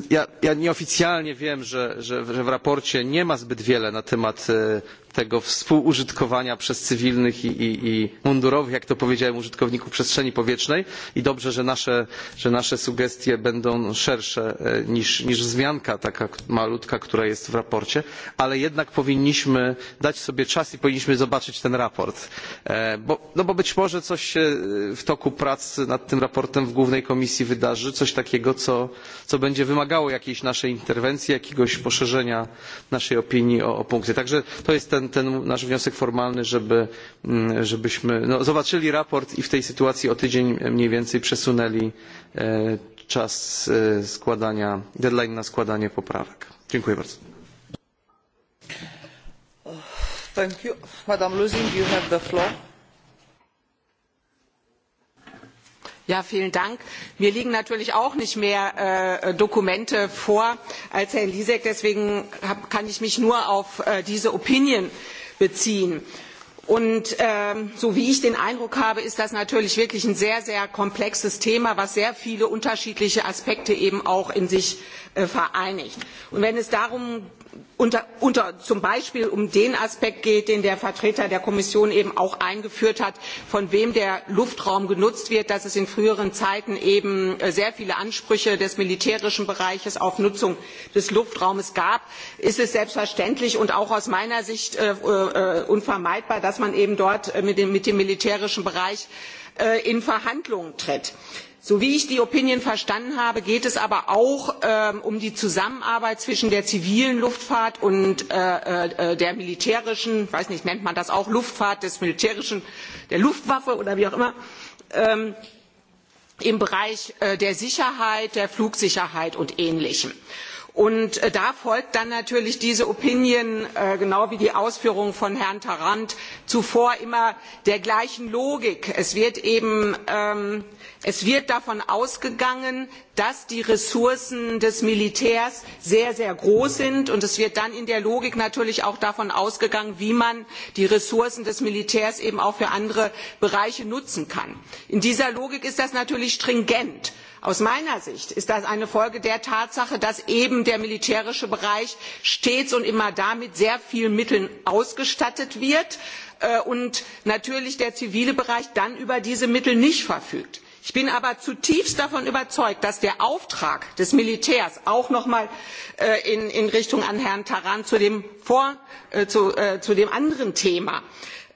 ja, ja nieoficjalnie wiem że, że, że w sprawozdaniu nie ma zbyt wiele na temat e, tego współużytkowania przez cywilnych i, i, i mundurowych, jak to powiedziałem, użytkowników przestrzeni powietrznej i dobrze, że nasze, że nasze sugestie będą szersze e, niż, niż wzmianka taka malutka, która jest w raporcie, ale jednak powinniśmy dać sobie czas i powinniśmy zobaczyć ten raport. E, bo, no bo być może coś się e, w toku prac nad tym raportem w głównej komisji wydarzy, coś takiego, co, co będzie wymagało jakiejś naszej interwencji, jakiegoś poszerzenia naszej opinii o, o punkty. Także to jest ten ten, ten nasz wniosek formalny, żeby, mm, żebyśmy no, zobaczyli raport i w tej sytuacji o tydzień mniej więcej przesunęli e, czas e, składania, deadline na składanie poprawek. Dziękuję bardzo. Thank you. Madam Luzin, you have the floor. Ja, vielen Dank. Mir liegen natürlich auch nicht mehr äh, Dokumente vor als Herrn Lisek. Deswegen hab, kann ich mich nur auf äh, diese Opinion beziehen. Äh, Und ähm, so wie ich den Eindruck habe, ist das natürlich wirklich ein sehr, sehr komplexes Thema, was sehr viele unterschiedliche Aspekte eben auch in sich äh, vereinigt. Und wenn es darum unter, unter, zum Beispiel um den Aspekt geht, den der Vertreter der Kommission eben auch eingeführt hat, von wem der Luftraum genutzt wird, dass es in früheren Zeiten eben äh, sehr viele Ansprüche des militärischen Bereiches auf Nutzung des Luftraumes gab, ist es selbstverständlich und auch aus meiner Sicht äh, äh, äh unvermeidbar, dass man eben dort äh, mit dem, mit dem militärischen Bereich äh, in Verhandlungen tritt. So wie ich die Opinion verstanden habe, geht es aber auch ähm, um die Zusammenarbeit zwischen der zivilen Luftfahrt und äh, äh, äh, der militärischen, weiß nicht, nennt man das auch Luftfahrt des militärischen, der Luftwaffe oder wie auch immer, ähm, im Bereich äh, der Sicherheit, der Flugsicherheit und Ähnlichem. Äh, Und äh, da folgt dann natürlich diese Opinion, äh, genau wie die Ausführungen von Herrn Tarrant zuvor, immer der gleichen Logik. Es wird eben, ähm, es wird davon ausgegangen, dass die Ressourcen des Militärs sehr, sehr groß sind. Und es wird dann in der Logik natürlich auch davon ausgegangen, wie man die Ressourcen des Militärs eben auch für andere Bereiche nutzen kann. In dieser Logik ist das natürlich stringent aus meiner sicht ist das eine folge der tatsache dass eben der militärische bereich stets und immer da mit sehr vielen mitteln ausgestattet wird äh, und natürlich der zivile bereich dann über diese mittel nicht verfügt. ich bin aber zutiefst davon überzeugt dass der auftrag des militärs auch noch einmal äh, in richtung herrn tarand zu dem äh, anderen thema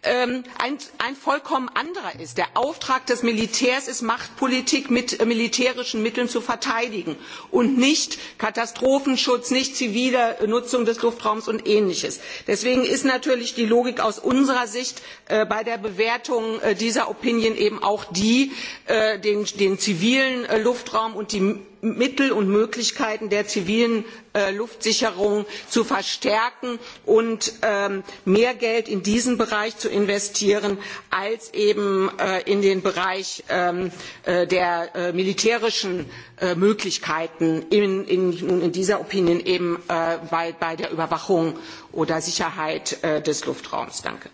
Ähm, ein, ein vollkommen anderer ist. Der Auftrag des Militärs ist, Machtpolitik mit äh, militärischen Mitteln zu verteidigen und nicht Katastrophenschutz, nicht zivile Nutzung des Luftraums und ähnliches. Deswegen ist natürlich die Logik aus unserer Sicht äh, bei der Bewertung äh, dieser Opinion eben auch die, äh, den, den zivilen äh, Luftraum und die Mittel und Möglichkeiten der zivilen äh, Luftsicherung zu verstärken und ähm, mehr Geld in diesen Bereich zu investieren als eben äh, in den Bereich ähm, äh, der äh, militärischen äh, Möglichkeiten in, in, in dieser Opinion eben äh, bei, bei der Überwachung oder Sicherheit äh, des Luftraums. Danke.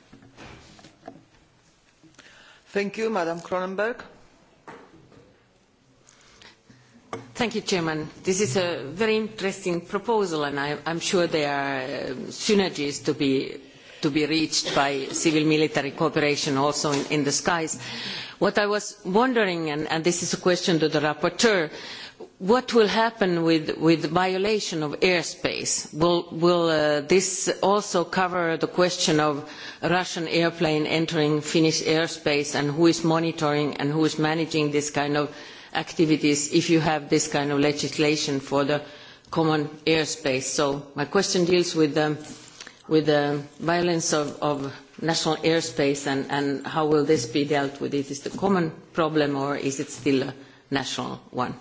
Thank you, Madam Cronenberg. Thank you, Chairman. This is a very interesting proposal, and I, I'm sure there are uh, synergies to be to be reached by civil-military cooperation also in, in the skies. What I was wondering, and, and this is a question to the rapporteur, what will happen with, with violation of airspace? Will, will uh, this also cover the question of Russian airplane entering Finnish airspace and who is monitoring and who is managing this kind of uh, activities if you have this kind of legislation for the common airspace. So my question deals with the, um, with the violence of, of national airspace and, and how will this be dealt with? Is it a common problem or is it still a national one?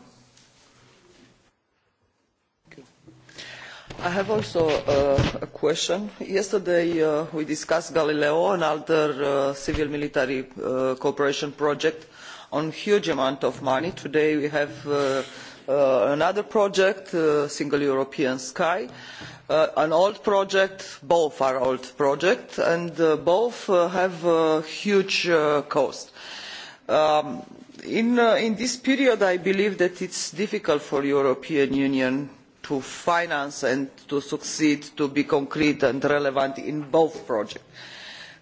I have also uh, a question. Yesterday uh, we discussed Galileo, another uh, civil-military uh, cooperation project uh, on huge amount of money. Today we have uh, uh, another project, uh, Single European Sky, uh, an old project, both are old projects, and uh, both uh, have a huge uh, cost. Um, in, uh, in this period, I believe that it's difficult for European Union to finance and to succeed to be concrete and relevant in both projects.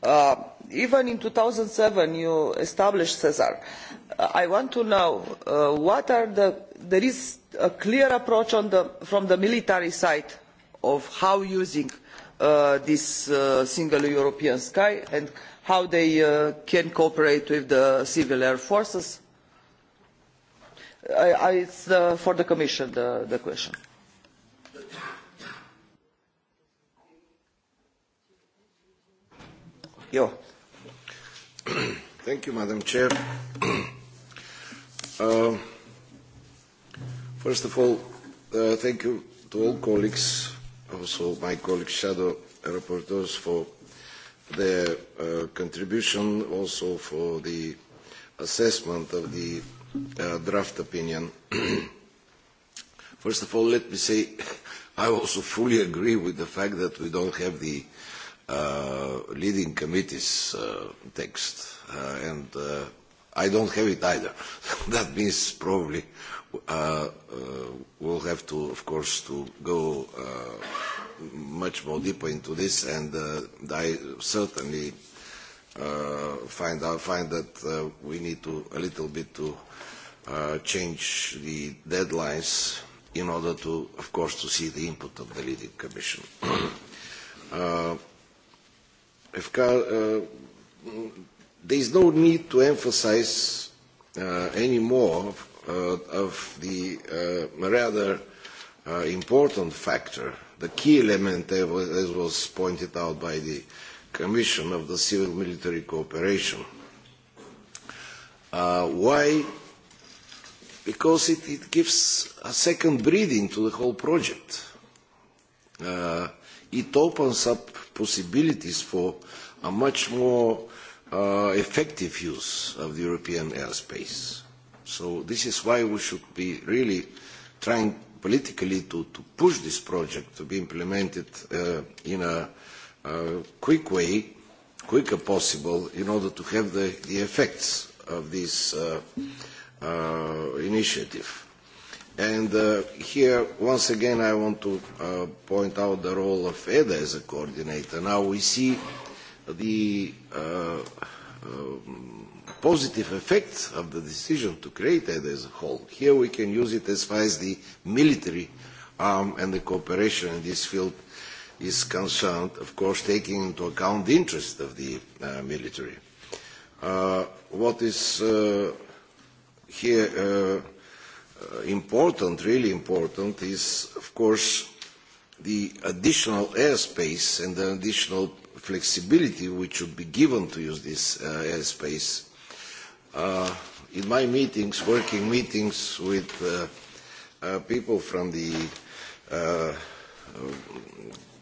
Uh, even in two thousand and seven you established cesar i want to know uh, what are the there is a clear approach on the, from the military side of how using uh, this uh, single european sky and how they uh, can cooperate with the civil air forces I, I, it's uh, for the commission the, the question Yo. thank you madam chair Uh, first of all, uh, thank you to all colleagues, also my colleague shadow rapporteurs for their uh, contribution, also for the assessment of the uh, draft opinion. First of all, let me say I also fully agree with the fact that we don't have the uh, leading committee's uh, text. Uh, and uh, I don't have it either. that means probably uh, uh, we'll have to, of course, to go uh, much more deeper into this, and uh, I certainly uh, find out find that uh, we need to a little bit to uh, change the deadlines in order to, of course, to see the input of the leading commission. uh, if, uh, There is no need to emphasize uh, any more of, uh, of the uh, rather uh, important factor, the key element, as was pointed out by the Commission of the Civil Military Cooperation. Uh, why? Because it, it gives a second breathing to the whole project. Uh, it opens up possibilities for a much more uh, effective use of the European airspace. So this is why we should be really trying politically to, to push this project to be implemented uh, in a, a quick way, quicker possible, in order to have the, the effects of this uh, uh, initiative. And uh, here, once again, I want to uh, point out the role of EDA as a coordinator. Now we see the uh, um, positive effects of the decision to create it as a whole. Here we can use it as far as the military arm and the cooperation in this field is concerned, of course taking into account the interest of the uh, military. Uh, what is uh, here uh, uh important, really important, is of course the additional airspace and the additional flexibility which should be given to use this uh, airspace. Uh, in my meetings, working meetings with uh, uh, people from the uh, uh,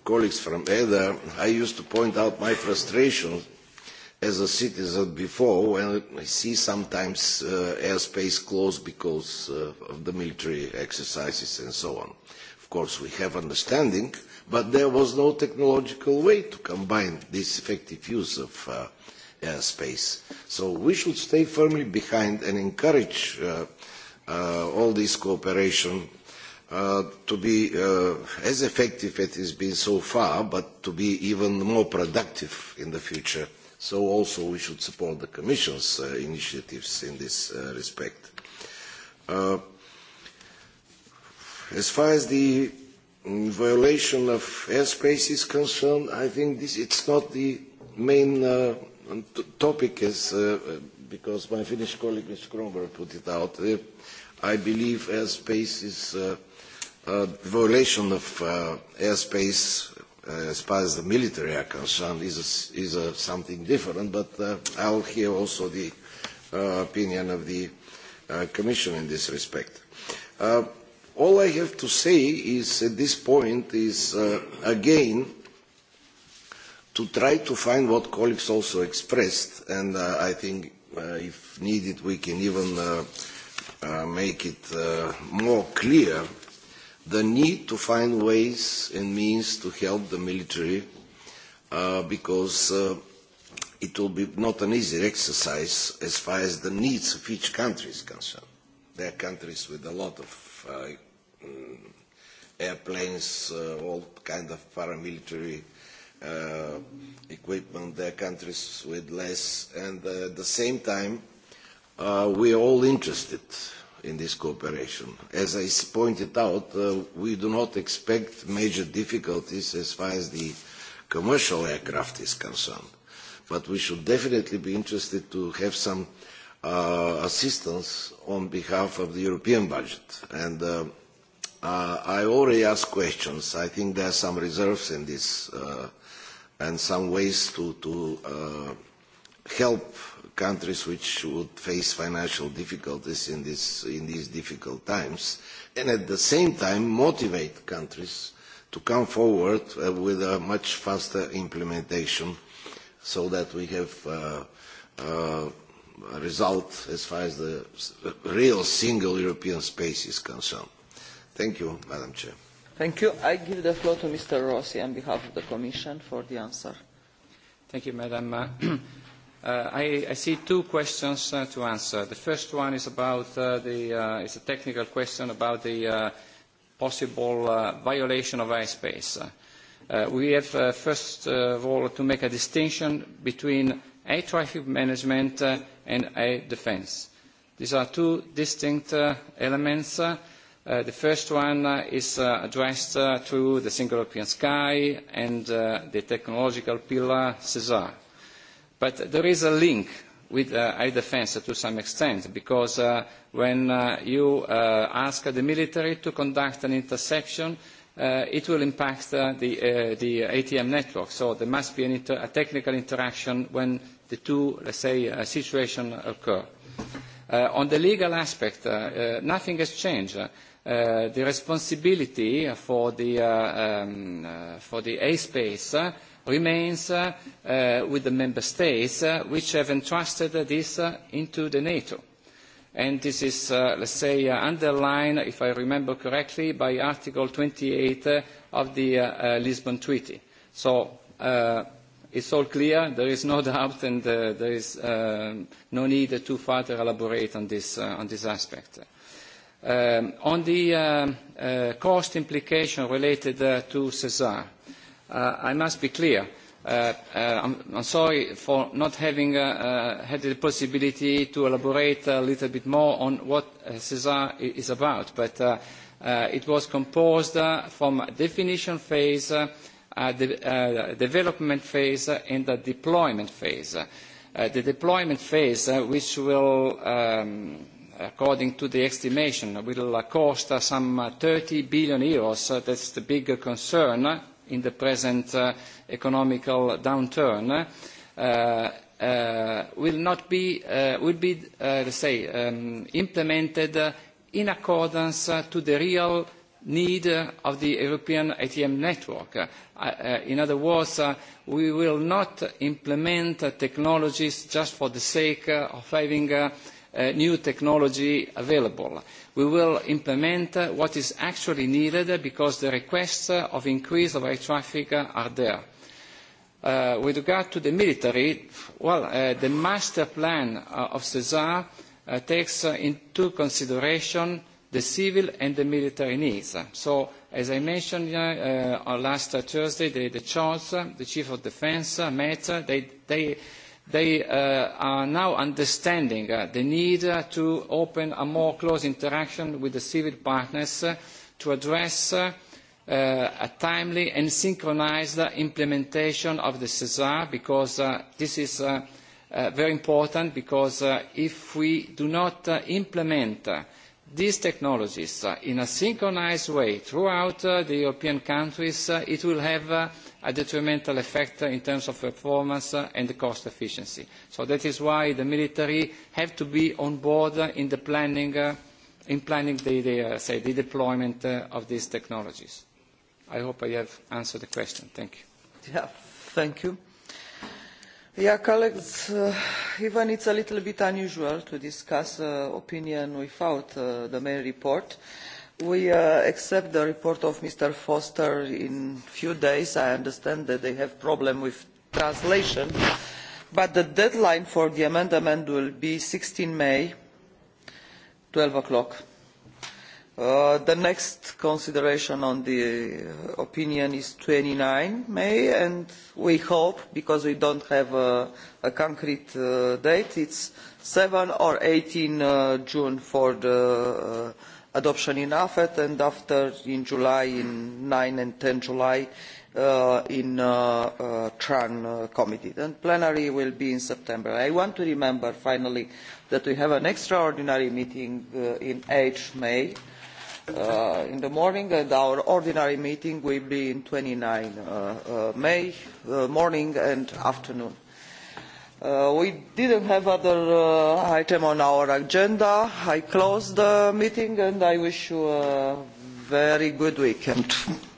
colleagues from EDA, I used to point out my frustration as a citizen before when I see sometimes uh, airspace closed because uh, of the military exercises and so on. Uh, Of course, we have understanding, but there was no technological way to combine this effective use of uh, uh, space. So we should stay firmly behind and encourage uh, uh, all this cooperation uh, to be uh, as effective as it's been so far, but to be even more productive in the future. So also we should support the Commission's uh, initiatives in this uh, respect. Uh, As far as the violation of airspace is concerned, I think this, it's not the main uh, t topic, as, uh, because my Finnish colleague, Mr. Kronberg, put it out. Uh, I believe airspace is uh, uh, violation of uh, airspace uh, as far as the military are concerned is a, is a something different, but uh, I'll hear also the uh, opinion of the uh, Commission in this respect. Uh, All I have to say is at this point is uh, again to try to find what colleagues also expressed, and uh, I think uh, if needed we can even uh, uh, make it uh, more clear the need to find ways and means to help the military uh, because uh, it will be not an easy exercise as far as the needs of each country is concerned. There are countries with a lot of uh, Uh, airplanes, uh, all kind of paramilitary uh, equipment, their countries with less, and uh, at the same time, uh, we are all interested in this cooperation. As I pointed out, uh, we do not expect major difficulties as far as the commercial aircraft is concerned, but we should definitely be interested to have some uh, assistance on behalf of the European budget. And uh, Uh, I already asked questions. I think there are some reserves in this uh, and some ways to, to uh, help countries which would face financial difficulties in, this, in these difficult times and at the same time motivate countries to come forward uh, with a much faster implementation so that we have uh, uh, a result as far as the real single European space is concerned. Thank you, Madam Chair. Thank you. I give the floor to Mr. Rossi on behalf of the Commission for the answer. Thank you, Madam. Uh, I, I see two questions uh, to answer. The first one is about uh, the, uh, it's a technical question about the uh, possible uh, violation of airspace. Uh, Uh, we have uh, first uh, of all to make a distinction between air traffic management uh, and air defence. These are two distinct uh, elements uh, Uh, the first one uh, is uh, addressed uh, to the Single European Sky and uh, the technological pillar CESAR. But there is a link with uh, air defense to some extent, because uh, when uh, you uh, ask the military to conduct an interception, uh, it will impact uh, the, uh, the ATM network. So there must be an inter a technical interaction when the two, let's say, uh, situations occur. Uh, on the legal aspect, uh, uh, nothing has changed. Uh, Uh, the responsibility for the, uh, um, uh, for the airspace uh, remains uh, uh, with the member states which have entrusted this into the NATO. And this is, let's say, underlined, if I remember correctly, by Article 28 of the Lisbon Treaty. So it's all clear, there is no doubt, and there is um, no need to further elaborate on this, on this aspect. Um, on the um, uh, cost implication related uh, to Sézare, uh, I must be clear. Uh, uh, I'm, I'm sorry for not having had the possibility to elaborate a little bit more on what Sézare is about. But, it was composed from definition phase, the development phase, and the deployment phase. The deployment phase, which will um, according to the estimation, will cost some 30 uh, billion euros. Uh, that's the big concern in the present uh, economic downturn. Will not be, will be, let's say, um, implemented in accordance to the real need of the European ATM network. In other words, we will not implement technologies just for the sake of having uh, new technology available. We will implement uh, what is actually needed because the requests uh, of increase of air traffic uh, are there. Uh, with regard to the military, well, uh, the master plan uh, of CESAR uh, takes uh, into consideration the civil and the military needs. So, as I mentioned uh, uh, last uh, Thursday, the, the CHOS, uh, the Chief of Defense, uh, met, uh, they, they they uh, are now understanding uh, the need uh, to open a more close interaction with the civil partners uh, to address uh, uh, a timely and synchronized uh, implementation of the CESAR because uh, this is uh, uh, very important because uh, if we do not uh, implement uh, these technologies uh, in a synchronized way throughout uh, the European countries, uh, it will have uh, a detrimental effect uh, in terms of performance uh, and cost efficiency. So that is why the military have to be on board uh, in the planning, uh, in planning the, the, uh, say, the deployment uh, of these technologies. I hope I have answered the question. Thank you. Yeah, thank you. Yeah, colleagues, uh, even it's a little bit unusual to discuss uh, opinion without uh, the main report. We uh, accept the report of Mr. Foster in few days. I understand that they have problem with translation, but the deadline for the amendment will be 16 May, 12 o'clock Uh, the next consideration on the uh, opinion is twenty nine may and we hope because we do not have a, a concrete uh, date it is seven or eighteen uh, june for the uh, adoption in afet and after in july in nine and ten july uh, in tran committee and plenary will be in september. i want to remember finally that we have an extraordinary meeting in eight may uh, in the morning and our ordinary meeting will be on twenty nine uh, uh, may uh, morning and afternoon. Uh, we did not have other uh, item on our agenda. i close the meeting and i wish you a very good weekend.